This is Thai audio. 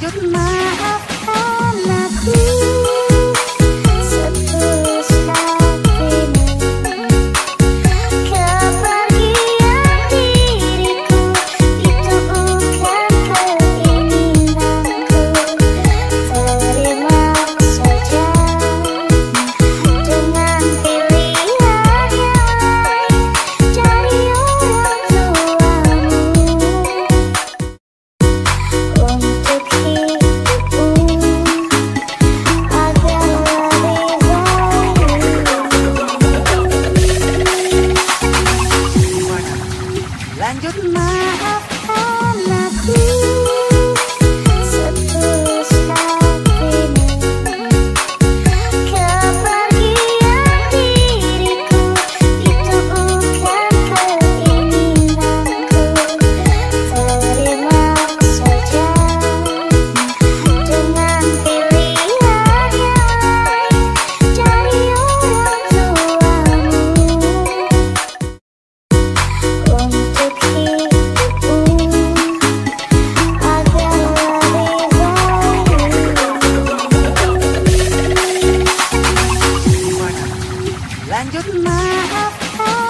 your mind. lanjut maaf แรงยุดมา